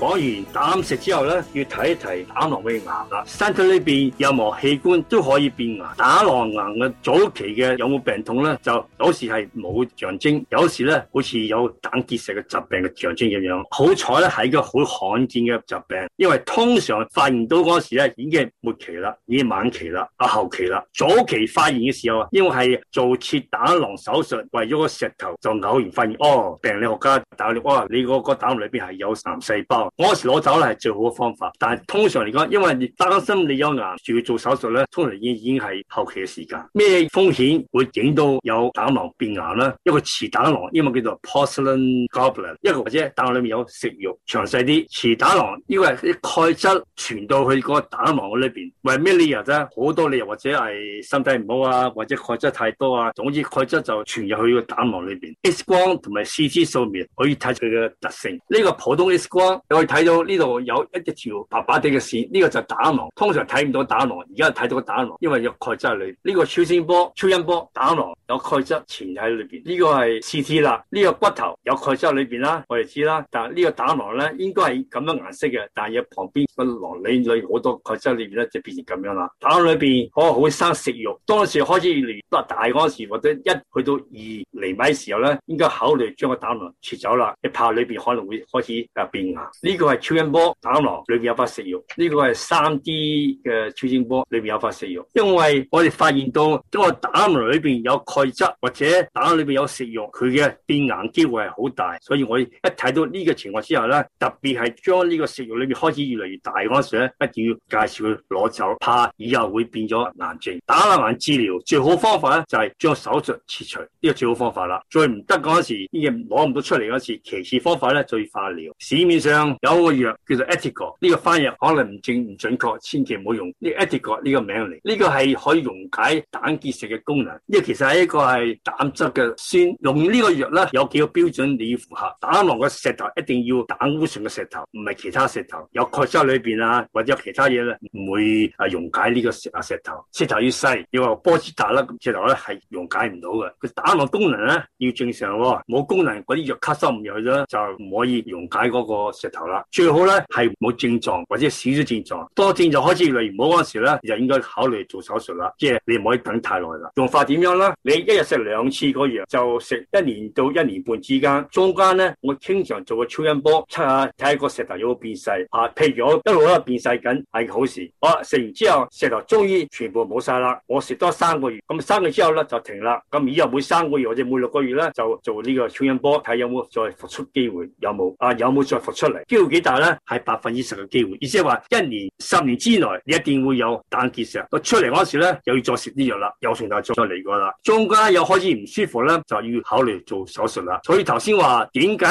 講完膽石之後咧，要睇一睇膽囊嘅癌啦。身體裏面任何器官都可以變癌。膽囊癌嘅早期嘅有冇病痛咧？就有時係冇象徵，有時咧好似有膽結石嘅疾病嘅象徵咁樣。好彩咧，係一個好罕見嘅疾病，因為通常發現到嗰時咧已經末期啦，已經晚期啦，啊後期啦。早期發現嘅時候啊，因為係做切膽囊手術，為咗個石頭，就偶然發現，哦，病理學家打你，哇、哦，你個個膽囊裏邊係有癌細胞。我時攞走咧係最好嘅方法，但係通常嚟講，因為擔心你有癌，仲要做手術咧，通常已經已經係後期嘅時間。咩風險會影到有膽囊變癌咧？一個瓷膽囊，英文叫做 Porcelain goblet 一個或者膽囊裏面有食肉，詳細啲，瓷膽囊呢個係啲鈣質傳到去個膽囊嗰裏邊，為咩理由啫？好多理由或者係身體唔好啊，或者鈣質太多啊，總之鈣質就傳入去個膽囊裏邊。X 光同埋 CT 掃描可以睇出佢嘅特性。呢、這個普通 X 光。會睇到呢度有一條白白哋嘅線，呢、這個就膽囊。通常睇唔到膽囊，而家睇到個膽囊，因為有鈣質喺裏面。呢、這個超聲波、超音波膽囊有鈣質全喺裏面。呢、這個係 CT 啦，呢、這個骨頭有鈣質喺裏面啦，我哋知啦。但係呢個膽囊咧應該係咁樣顏色嘅，但係有旁邊個囊裏裏好多鈣質裏面咧就變成咁樣啦。膽囊裏面，可好，好，好生食肉，當時開始嚟得大嗰陣時，或者一去到二厘米時候咧，應該考慮將個膽囊切走啦。一怕裏面可能會開始變硬。呢個係超音波膽囊裏邊有塊食肉，呢個係三 D 嘅超音波裏邊有塊食肉。因為我哋發現到，當個膽囊裏邊有鈣質或者膽囊裏邊有食肉，佢嘅變硬機會係好大。所以我一睇到呢個情況之後咧，特別係將呢個食肉裏面開始越嚟越大嗰時咧，一定要介紹佢攞走，怕以後會變咗癌症。膽囊治療最好方法咧就係將手術切除，呢個最好方法啦。最唔得嗰時候，呢嘢攞唔到出嚟嗰時候，其次方法咧最化療。市面上。有個藥叫做 Ethical，呢個翻譯可能唔正唔準確，千祈唔好用呢 Ethical 呢個名嚟。呢、這個係可以溶解膽結石嘅功能。呢、這個、其實係一個係膽汁嘅酸。用這個藥呢個藥咧，有幾個標準，你要符合。膽囊嘅石頭一定要膽固醇嘅石頭，唔係其他石頭。有鈣質裏邊啊，或者有其他嘢咧唔會啊溶解呢個石啊石頭。石頭要細，你、這、話、個、波子大啦，咁石頭咧係溶解唔到嘅。佢膽囊功能咧要正常、哦，冇功能，嗰啲藥吸收唔入去咗就唔可以溶解嗰個石頭。最好咧係冇症狀或者少咗症狀，多症狀開始越嚟越冇嗰時咧，就應該考慮做手術啦。即係你唔可以等太耐啦。用法點樣啦？你一日食兩次個藥，就食一年到一年半之間。中間咧，我經常做個超音波，測下睇個石頭有冇變細啊。譬如我一路咧變細緊，係好事。我食完之後，石頭終於全部冇晒啦。我食多三個月，咁三個月之後咧就停啦。咁以後每三個月或者每六個月咧，就做呢個超音波，睇有冇再復出機會，有冇啊？有冇再復出嚟？要幾大咧？係百分之十嘅機會，意即係話一年、十年之內你一定會有膽結石個出嚟。嗰時咧，又要再食啲藥啦，又成日再嚟過啦。中間又開始唔舒服咧，就要考慮做手術啦。所以頭先話點解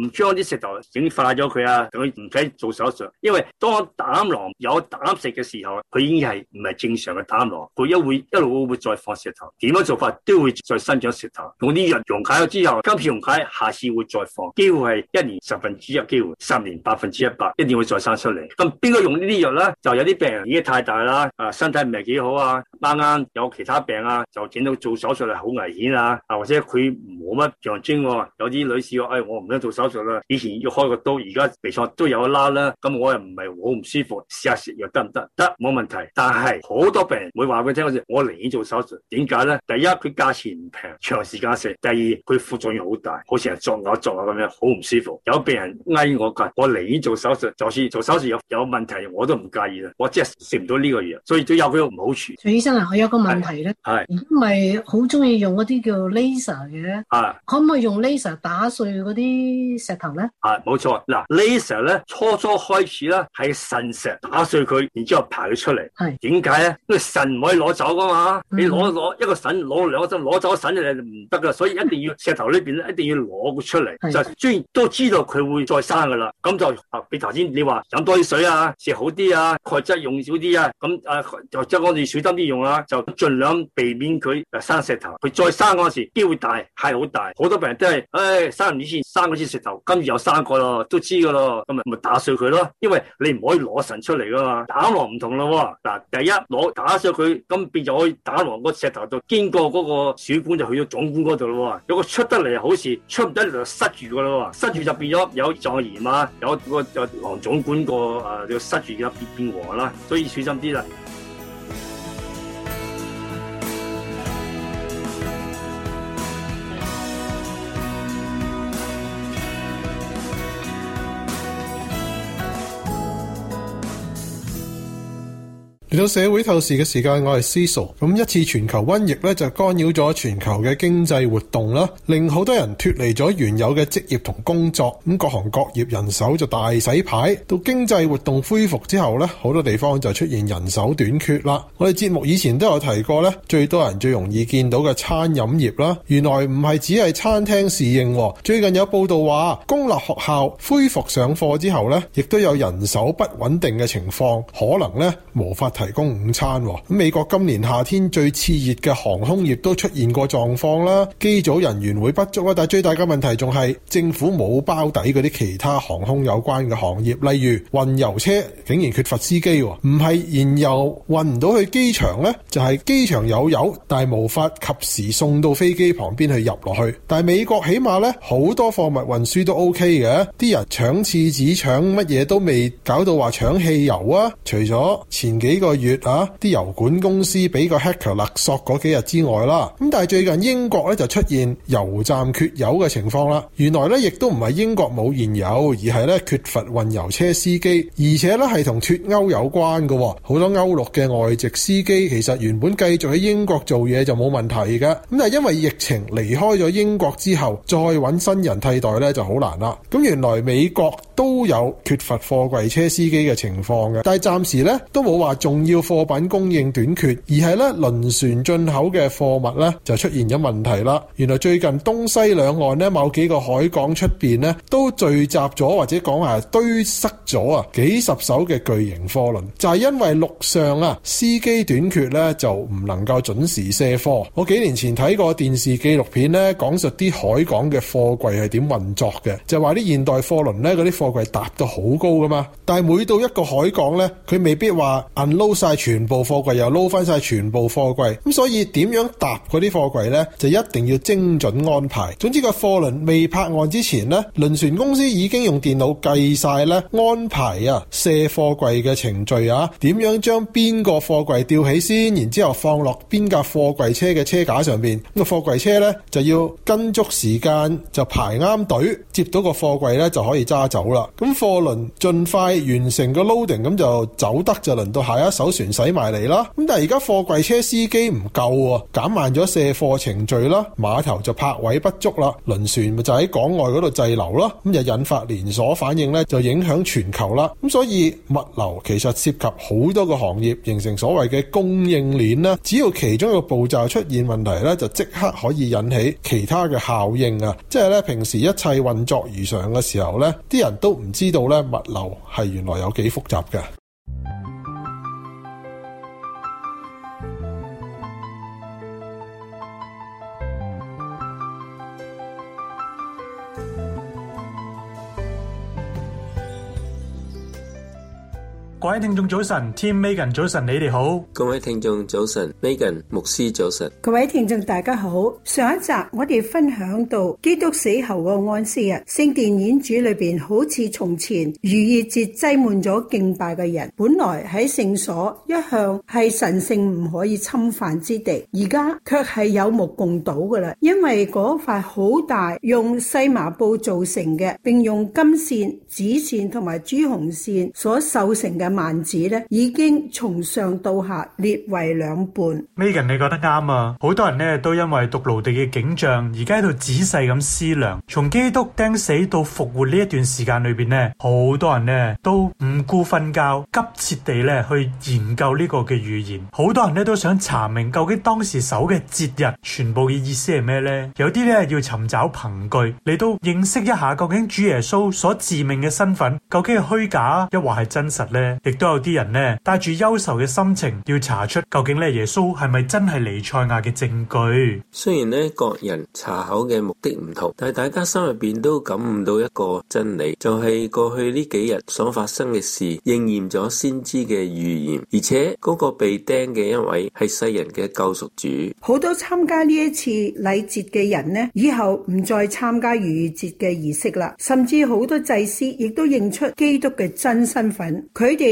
唔將啲石頭整化咗佢啊？等佢唔使做手術，因為當膽囊有膽石嘅時候，佢已經係唔係正常嘅膽囊，佢一會一路會再放石頭，點樣做法都會再生長石頭。用啲藥溶解咗之後，今次溶解，下次會再放，機會係一年十分之一機會，年百分之一百，一定會再生出嚟。咁邊個用呢啲藥咧？就有啲病人已經太大啦，啊，身體唔係幾好啊。啱啱有其他病啊，就整到做手術係好危險啊！啊，或者佢冇乜象徵，有啲女士話，哎，我唔想做手術啦。以前要開個刀，而家微創都有啦。咁我又唔係好唔舒服，試下食藥得唔得？得，冇問題。但係好多病人會話畀我聽好似，我寧願做手術。點解咧？第一佢價錢唔平，長時間食，第二佢副作用好大，好似人作嘔作嘔咁樣，好唔舒服。有病人呓我句，我寧願做手術，就算、是、做手術有有問題，我都唔介意啦。我即係食唔到呢個藥，所以都有佢唔好處。我有個問題咧，係唔係好中意用嗰啲叫 laser 嘅？是可唔可以用 laser 打碎嗰啲石頭咧？係冇錯，嗱 laser 咧，初初開始咧係腎石打碎佢，然之後排佢出嚟。係點解咧？因為腎唔可以攞走噶嘛。嗯、你攞攞一個腎攞兩個腎攞走個腎就唔得噶，所以一定要是石頭呢邊咧一定要攞佢出嚟，的就終於都知道佢會再生噶啦。咁就比頭先你話飲多啲水啊，食好啲啊，鈣質用少啲啊，咁啊就即係講你小心啲用。就盡量避免佢生石頭，佢再生嗰時機會大，係好大。好多病人都係，唉、哎，三年前生嗰支石頭，今次又生個咯，都知噶咯。咁啊，咪打碎佢咯，因為你唔可以攞腎出嚟噶嘛。膽囊唔同咯，嗱，第一攞打碎佢，咁變就可以膽囊個石頭就經過嗰個小管就去咗總管嗰度咯。有個出得嚟好事，出唔得嚟就塞住噶啦，塞住就變咗有藏炎啊，有嗰、那個有囊總管個誒要塞住而變變黃啦，啊，所以小心啲啦。嚟到社會透視嘅時間，我係 Cecil 咁一次全球瘟疫咧，就干擾咗全球嘅經濟活動啦，令好多人脱離咗原有嘅職業同工作，咁各行各業人手就大洗牌。到經濟活動恢復之後咧，好多地方就出現人手短缺啦。我哋節目以前都有提過咧，最多人最容易見到嘅餐飲業啦，原來唔係只係餐廳侍應、哦。最近有報道話，公立學校恢復上課之後咧，亦都有人手不穩定嘅情況，可能咧無法。提供午餐，美國今年夏天最熾熱嘅航空業都出現過狀況啦，機組人員會不足啊，但係最大嘅問題仲係政府冇包底嗰啲其他航空有關嘅行業，例如運油車竟然缺乏司機，唔係燃油運唔到去機場咧，就係機場有油，但係無法及時送到飛機旁邊去入落去。但係美國起碼咧好多貨物運輸都 OK 嘅，啲人搶廁紙搶乜嘢都未搞到話搶汽油啊，除咗前幾個。個月啊，啲油管公司俾個黑客勒索嗰幾日之外啦，咁但係最近英國咧就出現油站缺油嘅情況啦。原來咧亦都唔係英國冇燃油，而係咧缺乏運油車司機，而且咧係同脱歐有關噶喎。好多歐陸嘅外籍司機其實原本繼續喺英國做嘢就冇問題噶，咁但係因為疫情離開咗英國之後，再揾新人替代咧就好難啦。咁原來美國都有缺乏貨櫃車司機嘅情況嘅，但係暫時咧都冇話仲。要貨品供應短缺，而係咧輪船進口嘅貨物咧就出現咗問題啦。原來最近東西兩岸咧某幾個海港出面咧都聚集咗，或者講啊堆塞咗啊幾十艘嘅巨型貨輪，就係因為陸上啊司機短缺咧就唔能夠準時卸貨。我幾年前睇過電視紀錄片咧講述啲海港嘅貨櫃係點運作嘅，就話啲現代貨輪咧嗰啲貨櫃搭到好高噶嘛，但係每到一個海港咧，佢未必話晒全部貨櫃又撈翻晒全部貨櫃，咁所以點樣搭嗰啲貨櫃呢？就一定要精準安排。總之個貨輪未泊岸之前呢，輪船公司已經用電腦計晒咧，安排啊卸貨櫃嘅程序啊，點樣將邊個貨櫃吊起先，然之後放落邊架貨櫃車嘅車架上面，咁個貨櫃車咧就要跟足時間就排啱隊，接到個貨櫃呢，就可以揸走啦。咁貨輪盡快完成個 loading，咁就走得，就輪到下一有船駛埋嚟啦，咁但係而家貨櫃車司機唔夠啊，減慢咗卸貨程序啦，碼頭就泊位不足啦，輪船咪就喺港外嗰度滯留咯，咁就引發連鎖反應咧，就影響全球啦。咁所以物流其實涉及好多個行業，形成所謂嘅供應鏈啦。只要其中一個步驟出現問題咧，就即刻可以引起其他嘅效應啊。即係咧，平時一切運作如常嘅時候咧，啲人都唔知道咧，物流係原來有幾複雜嘅。各位聽眾早晨，Tim Megan 早晨，你哋好。各位聽眾早晨，Megan 牧師早晨。各位聽眾大家好。上一集我哋分享到基督死後個安息日，聖殿院子裏邊好似從前逾越節擠滿咗敬拜嘅人，本來喺聖所一向係神聖唔可以侵犯之地，而家卻係有目共睹噶啦，因為嗰塊好大用細麻布做成嘅，並用金線、紫線同埋朱紅線所繡成嘅。萬子咧已經從上到下裂為兩半。Megan，你覺得啱啊？好多人咧都因為髑髏地嘅景象，而家喺度仔細咁思量。從基督釘死到復活呢一段時間裏邊咧，好多人咧都唔顧瞓覺，急切地咧去研究呢個嘅預言。好多人咧都想查明究竟當時守嘅節日全部嘅意思係咩呢？有啲咧要尋找憑據，嚟到認識一下究竟主耶穌所致命嘅身份究竟係虛假，抑或係真實呢？亦都有啲人呢，帶住憂愁嘅心情，要查出究竟呢耶穌係咪真係彌賽亞嘅證據。雖然呢各人查考嘅目的唔同，但係大家心入邊都感悟到一個真理，就係、是、過去呢幾日所發生嘅事，應驗咗先知嘅預言。而且嗰個被釘嘅一位係世人嘅救贖主。好多參加呢一次禮節嘅人呢，以後唔再參加逾越節嘅儀式啦。甚至好多祭司亦都認出基督嘅真身份，佢哋。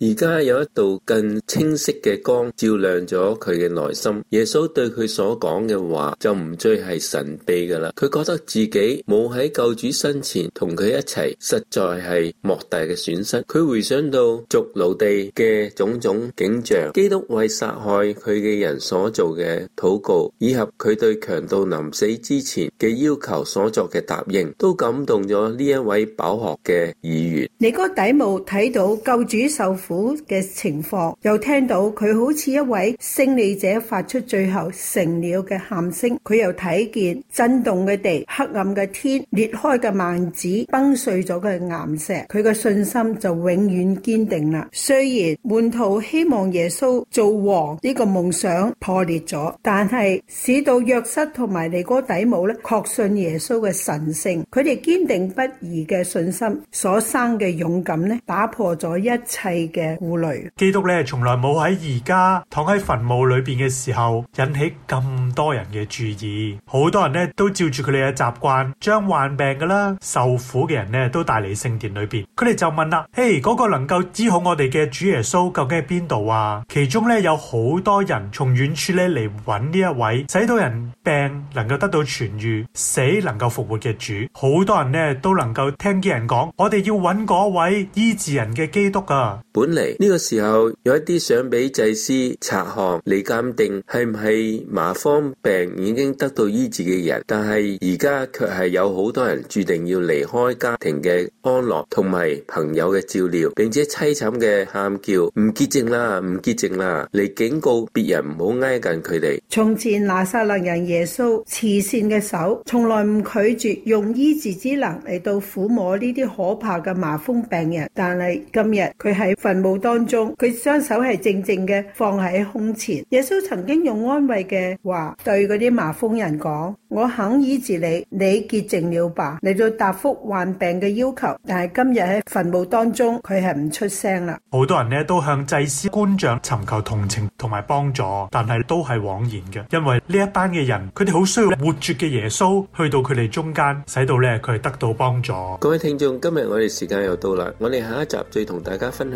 而家有一道更清晰嘅光照亮咗佢嘅內心。耶穌對佢所講嘅話就唔再係神秘噶啦。佢覺得自己冇喺救主身前同佢一齊，實在係莫大嘅損失。佢回想到髑髏地嘅種種景象，基督為殺害佢嘅人所做嘅禱告，以及佢對強盜臨死之前嘅要求所作嘅答應，都感動咗呢一位飽學嘅議員。尼哥底母睇到救主受受苦嘅情況，又聽到佢好似一位勝利者發出最後成了嘅喊聲，佢又睇見震動嘅地、黑暗嘅天、裂開嘅幔子、崩碎咗嘅岩石，佢嘅信心就永遠堅定啦。雖然門徒希望耶穌做王呢個夢想破裂咗，但係使到約瑟同埋尼哥底母咧確信耶穌嘅神聖，佢哋堅定不移嘅信心所生嘅勇敢咧，打破咗一切，嘅顧慮，基督咧從來冇喺而家躺喺墳墓裏邊嘅時候引起咁多人嘅注意，好多人咧都照住佢哋嘅習慣，將患病嘅啦、受苦嘅人咧都帶嚟聖殿裏邊，佢哋就問啦：誒，嗰個能夠治好我哋嘅主耶穌究竟喺邊度啊？其中咧有好多人從遠處咧嚟揾呢一位，使到人病能夠得到痊愈、死能夠復活嘅主，好多人咧都能夠聽啲人講，我哋要揾嗰位醫治人嘅基督啊！本嚟呢個時候有一啲想俾祭司察看嚟鑒定係唔係麻風病已經得到醫治嘅人，但係而家卻係有好多人注定要離開家庭嘅安樂同埋朋友嘅照料，並且淒慘嘅喊叫唔潔淨啦，唔潔淨啦嚟警告別人唔好挨近佢哋。從前那撒勒人耶穌慈善嘅手從來唔拒絕用醫治之能嚟到撫摸呢啲可怕嘅麻風病人，但係今日佢係。喺墳墓當中，佢雙手係靜靜嘅，放喺胸前。耶穌曾經用安慰嘅話對嗰啲麻風人講：我肯醫治你，你潔淨了吧，嚟到答復患病嘅要求。但係今日喺墳墓當中，佢係唔出聲啦。好多人呢都向祭司、官長尋求同情同埋幫助，但係都係枉然嘅，因為呢一班嘅人，佢哋好需要活著嘅耶穌去到佢哋中間，使到咧佢哋得到幫助。各位聽眾，今日我哋時間又到啦，我哋下一集再同大家分享。